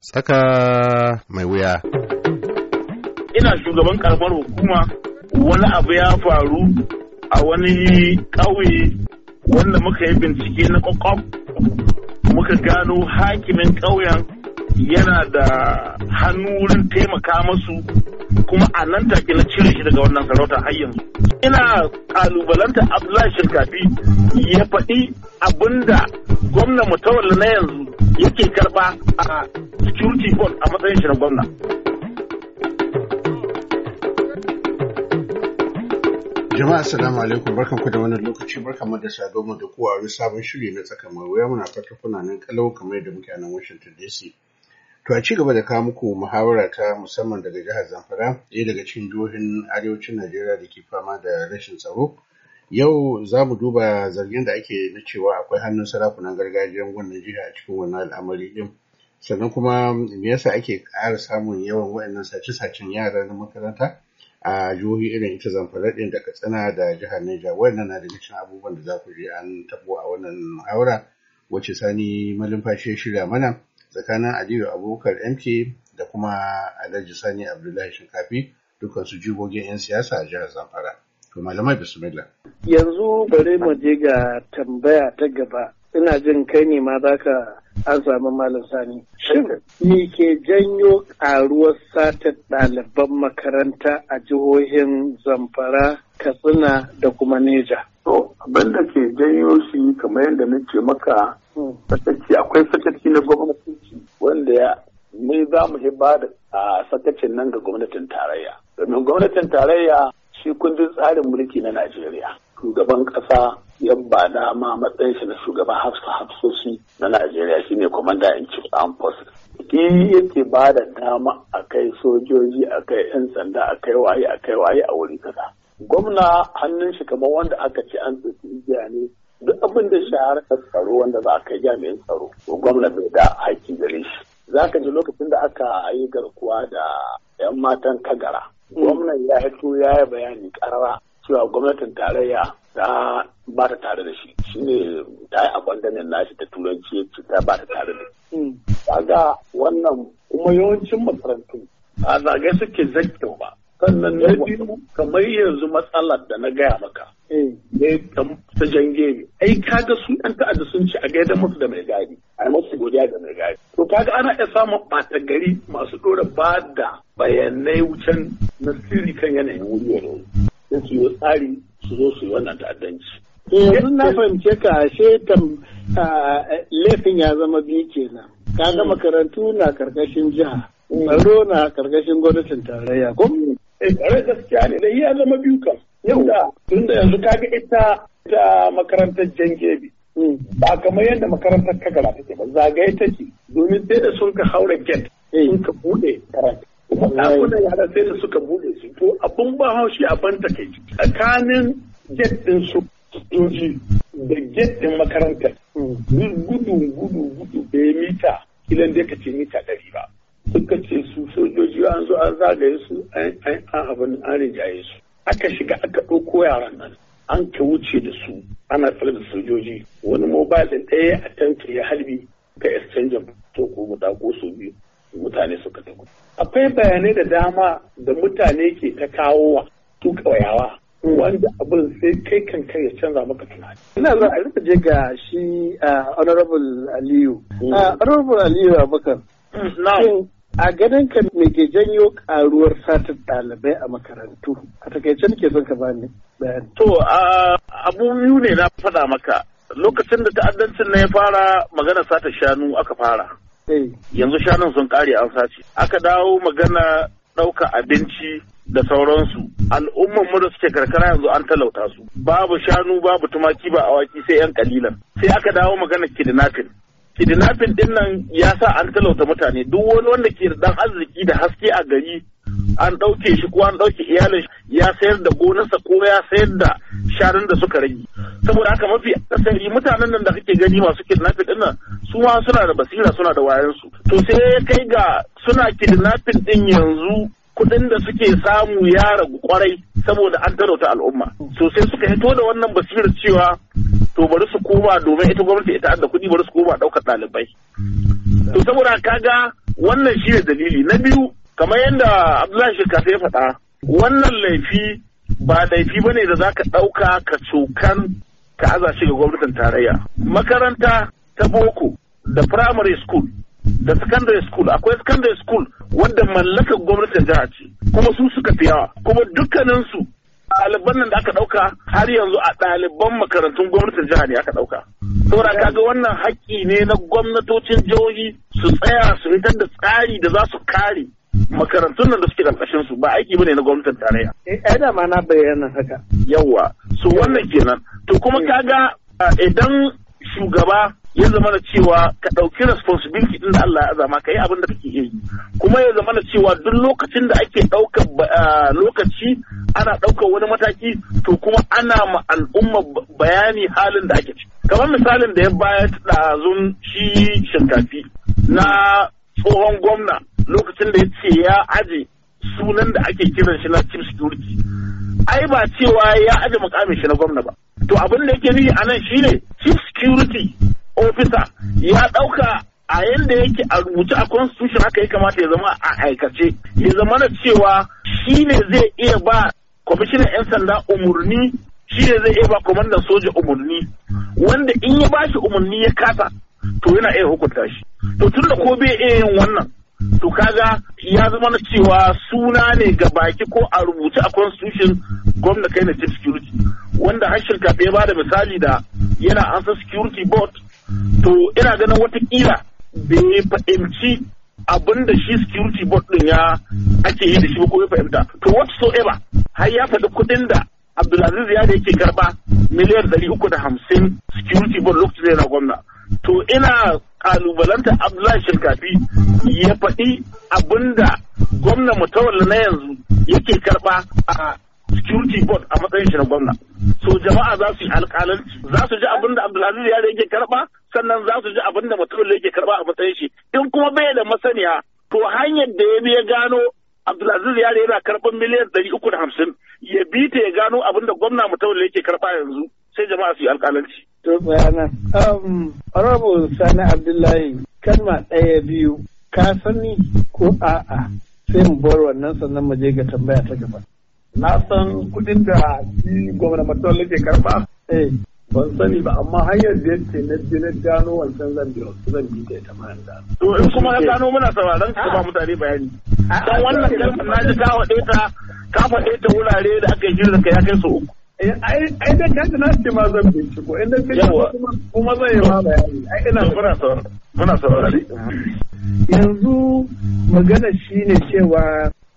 Saka mai wuya. Ina shugaban karamar hukuma wani abu ya faru a wani ƙauye wanda muka yi bincike na ƙwaƙwaf muka gano hakimin ƙauyen yana da hannu wurin taimaka masu kuma a nan take na cire shi daga wannan sarauta har yanzu ina kalubalanta abdullahi shinkafi ya faɗi abinda gwamna mutawalla na yanzu yake karɓa a security board a matsayin shi na gwamna jama'a assalamu alaikum ku da wannan lokaci mu da saduwa da kowa sabon shiri na tsaka ya wuya muna fata kuna nan kalau kamar yadda muke a nan Washington DC To a ci da kawo muku muhawara ta musamman daga jihar Zamfara, ɗaya daga cikin jihohin arewacin Najeriya da ke fama da rashin tsaro. Yau za mu duba zargin da ake na cewa akwai hannun sarakunan gargajiyar wannan jiha a cikin wannan al'amari ɗin. Sannan kuma me yasa ake ƙara samun yawan waɗannan sace-sacen yara na makaranta a jihohi irin ita Zamfara ɗin da Katsina da jihar Niger. Wannan na daga cikin abubuwan da za ku je an tabo a wannan muhawara wacce Sani Malumfashi ya shirya mana. tsakanin aliyu abubakar mk da kuma alhaji sani abdullahi shinkafi dukansu jigogin 'yan siyasa a jihar zamfara to malamai bismillah yanzu bari mu je ga tambaya ta gaba ina jin kai ne ma za ka an samu malam sani shin me ke janyo ƙaruwar satar ɗaliban makaranta a jihohin zamfara katsina da kuma neja To abin da ke janyo shi kamar yadda na ce maka hmm. sakaci akwai sakaci na gwamnati wanda ya mai za mu ba da sakacin nan ga gwamnatin tarayya. Domin gwamnatin tarayya shi kundin tsarin mulki na Najeriya. Shugaban ƙasa yan ba dama matsayin shi na shugaban hafsa hafsoshi na Najeriya shine commander in chief armed forces. Ki yake ba da dama a kai sojoji a kai 'yan sanda a kai waye a kai waye a wuri kaza. gwamna hannun shi kamar wanda aka ce an tsibiya ne duk abin da shahara ta tsaro wanda za a kai jami'in tsaro to gwamna bai da haƙƙi gare shi za ka ji lokacin da aka yi garkuwa da 'yan matan kagara gwamnan ya hito ya yi bayani ƙarara cewa gwamnatin tarayya ta ba ta tare da shi shine ta yi abandonin nashi da turanci ta ba ta tare da shi hmm. kaga wannan kuma yawancin makarantu a zagaye suke zakkin ba sannan na biyu kamar yanzu matsalar da na gaya maka ne eh. eh, ta jange ne ai kaga su yan ta'adda sun ci a gaida musu da mai gari. a yi musu godiya da mai gari to kaga ana iya samun ɓata gari masu ɗora ba da bayanai wucen na sirri kan yanayin wuri da su yi tsari su zo su yi wannan ta'addanci eh, yanzu na fahimce ka ashe laifin ya zama biyu kenan ga hmm. makarantu na karkashin jiha tsaro na karkashin gwamnatin tarayya ko E eh, kare eh, gaskiya ne, da iya zama biyu kan. tun tunda yanzu kaga ita ta makarantar Jangebi. Hmm. Ba kamar yadda makarantar Kagara take ba, zagaye take. Domin sai da sun ka haura get, eh. sun ka buɗe karanta Kuma yara sai da suka buɗe su. To abin ba haushi a ban take. Tsakanin get ɗin su sojoji da get ɗin makarantar. Gudu hmm. gudu gudu bai mita, kilan dai ka ce mita ɗari ba. Suka ce an zo an zagaye su an abin an rinjaye su aka shiga aka ɗauko yaran nan an ka wuce da su ana tsare da sojoji wani mobile ɗin ɗaya a tantu ya halbi ka exchange to ko guda ko su biyu mutane suka tafi akwai bayanai da dama da mutane ke ta kawo wa su kawayawa wanda abin sai kai kan kai ya canza maka tunani. Ina zuwa a rika je ga shi ah, Honorable Aliyu. Mm. Ah, Honorable Aliyu Abubakar. Mm, A ganin ka me ke janyo karuwar satar ɗalibai a makarantu? A takaice ke son ka bani bayani. To, abu biyu ne na faɗa maka. Lokacin da ta'addancin na ya fara magana sata shanu aka fara. Eh. Yanzu shanun sun ƙare an sace. Aka dawo magana ɗauka abinci da sauransu. Al'umman mu da suke karkara yanzu an talauta su. Babu shanu, babu tumaki, ba awaki sai 'yan kalilan. Sai aka dawo magana kidnapping. kidnapping din nan ya sa an talauta mutane duk wani wanda ke dan arziki da haske a gari an ɗauke shi ko an ɗauke iyalin ya sayar da gonarsa ko ya sayar da shanun da suka rage saboda haka mafi akasari mutanen nan da kake gani masu kidnapping din nan su ma suna da basira suna da wayansu to sai ya kai ga suna kidnapping din yanzu kuɗin da suke samu ya ragu kwarai saboda an talauta al'umma sosai suka hito da wannan basirar cewa to bari su koma domin ita gwamnati ita da kuɗi bari su koma ɗaukar ɗalibai. To saboda kaga wannan shi ne dalili na biyu kamar yadda Abdullahi kasa ya faɗa wannan laifi ba laifi ba ne da za ka ɗauka ka cokan ka aza shi ga gwamnatin tarayya. Makaranta ta boko da primary school da secondary school akwai secondary school wanda mallakar gwamnatin jiha ce kuma su suka fi yawa kuma dukkaninsu ɗaliban nan da aka ɗauka har yanzu a ɗaliban makarantun gwamnatin jiha ne aka ɗauka. Saboda kaga wannan haƙƙi ne na gwamnatocin jihohi su tsaya su fitar da tsari da za su kare makarantun nan da suke ƙarƙashin su ba aiki bane na gwamnatin tarayya. Eh da ma na bayyana haka. Yawwa, su wannan kenan. To kuma kaga eh, idan shugaba ya zama da cewa ka ɗauki responsibility din da Allah ya azama ka yi abin da kake yi kuma ya zama da cewa duk lokacin da ake ɗaukar lokaci ana ɗaukar wani mataki to kuma ana ma al'umma bayani halin da ake ciki kamar misalin da ya bayar ɗazun shi shinkafi na tsohon gwamna lokacin da ya ce ya aje sunan da ake kiran shi na chief security ai ba cewa ya aje mukamin shi na gwamna ba to abin da yake nufi anan shine chief security ofisa ya ɗauka a yadda yake a rubuta a constitution haka ya kamata ya zama a aikace ya zama na cewa shi ne zai iya ba kwamishinan 'yan sanda umarni shi ne zai iya ba kwamandan soja umarni wanda in ya ba shi umarni ya kasa to yana iya hukunta shi to tun da ko bai iya yin wannan to kaga ya zama na cewa suna ne ga baki ko a rubuta a constitution gwamna kai na chief security wanda har kafe ya ba da misali da yana ansa security board to ina ganin watakila bai fahimci abin da shi security board din ya ake yi da shi ko ya fahimta to so whatsoever har ya faɗi kuɗin da Abdulaziz ya da yake karba miliyan ɗari uku da hamsin security board lokacin yana gwamna to ina kalubalanta Abdullahi Shinkafi ya faɗi abin da gwamna mutawalla na yanzu yake karba a security board a matsayin shi na gwamna so jama'a za su yi alƙalanci za su ji abin da Abdulaziz ya da yake karba sannan za su ji abin da mutum da yake karɓa a matsayin shi in kuma bai da masaniya to hanyar da ya bi ya gano Abdulaziz Yare yana karɓar miliyan ɗari uku da hamsin ya bi ta ya gano abin da gwamna mutum da yake karɓa yanzu sai jama'a su yi alƙalanci. To bayanan. Um, Rabu Sani Abdullahi kalma ɗaya biyu ka sani ko a'a sai mu bar wannan sannan mu je ga tambaya ta gaba. Na san kuɗin da gwamna mutum da yake karɓa. Eh. ban sani ba amma hanyar da yake na je na gano wancan zan biyo zan bi ta ita ma da. to in kuma ka gano muna sauraron ka ba mutane bayani dan wannan kalmar na ji ka faɗe ta ka faɗe ta wurare da aka yi jirin ka ya kai su uku eh, ai dai ka na ce ma zan binciko in da kai kuma zan yi ma bayani ai ina fara sauraron muna sauraron. yanzu magana shine cewa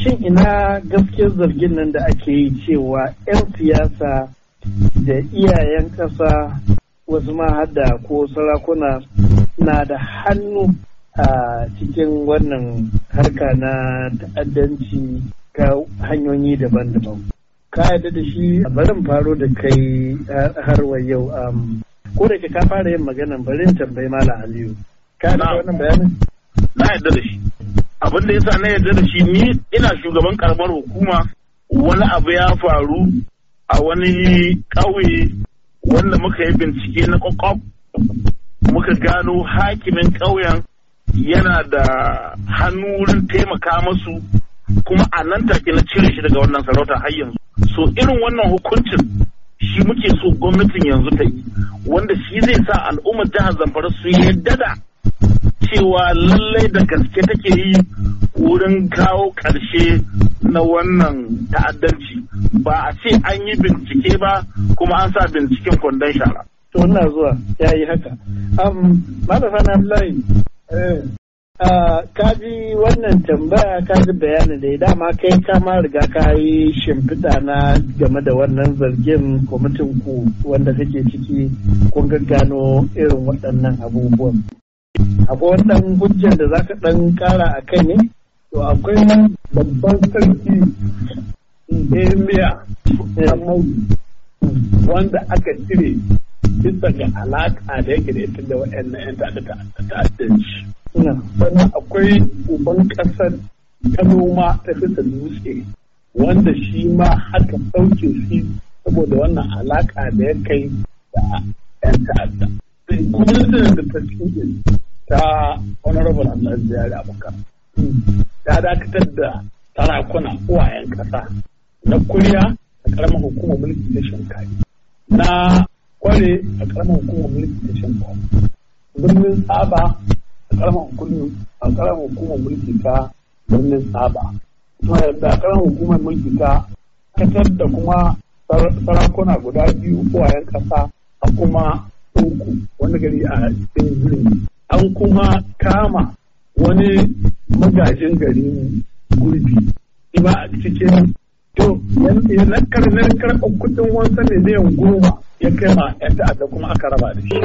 shin ina gaskiyar zargin nan da ake yi cewa 'yan siyasa da iyayen ƙasa wasu ma hada ko sarakuna na da hannu a cikin wannan harka na ta'addanci ta hanyoyi daban-daban. Ka yadda da shi barin faro da kai har wa yau. Um, ko da ka fara yin maganan barin tambayi Malam Aliyu. Ka yadda da wannan bayanin? Na yadda da shi. Abin da yasa na yadda da shi ni ina shugaban karamar hukuma wani abu ya faru a wani ƙauye wanda muka yi bincike na kwakwaf muka gano hakimin ƙauyen yana da hannu wurin taimaka masu kuma a nan take na cire shi daga wannan sarauta har yanzu so irin wannan hukuncin shi muke so gwamnatin yanzu ta yi wanda shi zai sa al'ummar jihar zamfara su yadda da cewa lallai da gaske take yi wurin kawo ƙarshe na wannan ta'addanci ba a ce an yi bincike ba kuma an sa binciken kwandon shara. To ina zuwa ya yi haka. Malasa na Abdullahi, eh, ka ji wannan tambaya ka ji bayanin da dama kai kama riga ka yi shimfiɗa na game da wannan zargin kwamitin ku wanda kake ciki kun gano irin waɗannan abubuwan. akwai wannan hujjar da zaka dan kara a kai ne to akwai babban sarki Emir Hamadu wanda aka cire bisa ga alaƙa da yake da ita da waɗannan 'yan ta'addanci. Sannan akwai uban ƙasar ta noma ta ta dutse wanda shi ma haka ɗauke shi saboda wannan alaƙa da ya kai da 'yan ta'adda. Kuma da ta cikin ta honorable annabi jari abubakar ya dakatar da sarakuna uwayen kasa na kuriya a karamar hukumar mulki ta shinkari na kware a karamar hukumar mulki ta shinkari birnin tsaba a karamar hukumar mulki ta birnin tsaba kuma da karamar hukumar mulki ta katar da kuma sarakuna guda biyu uwayen kasa a kuma uku wani gari a cikin birni an kuma kama wani magajin gari gurbi ba a cikin to yana karnar karɓar kudin wansa ne zai goma ya kai ma 'yan ta'adda kuma aka raba da shi.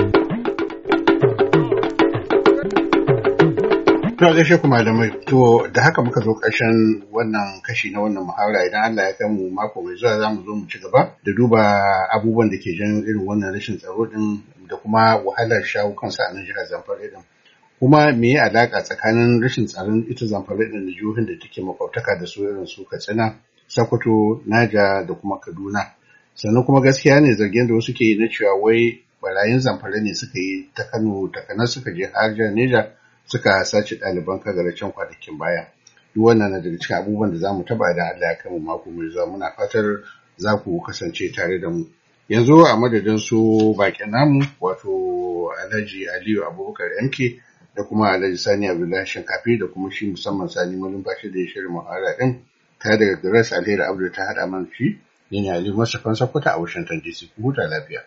To gaishe kuma da to da haka muka zo ƙarshen wannan kashi na wannan muhawara idan Allah ya kai mu mako mai zuwa za mu zo mu ci gaba da duba abubuwan da ke jan irin wannan rashin tsaro din da kuma wahalar shawo kansa a nan jihar Zamfara din. Kuma me ya alaka tsakanin rashin tsaron ita Zamfara din da jihohin da take makwabtaka da su irin su Katsina, Sokoto, Naja da kuma Kaduna. Sannan kuma gaskiya ne zargin da wasu ke yi na cewa wai barayin Zamfara ne suka yi ta Kano takanar suka je jihar Neja suka sace ɗaliban kagara can kwanakin baya. Duk wannan na daga cikin abubuwan da za mu taba da Allah ya kai mu mako mai zuwa muna fatar za ku kasance tare da mu. yanzu a madadin su baƙin namu wato alhaji aliyu abubakar mk da kuma alhaji sani abdullahi shinkafi da kuma shi musamman sani malumfashi da ya shirin muhara ɗin, ta daga grace alheri abdul ta haɗa man shi ne aliyu mustapha sakwata a washington dc huta lafiya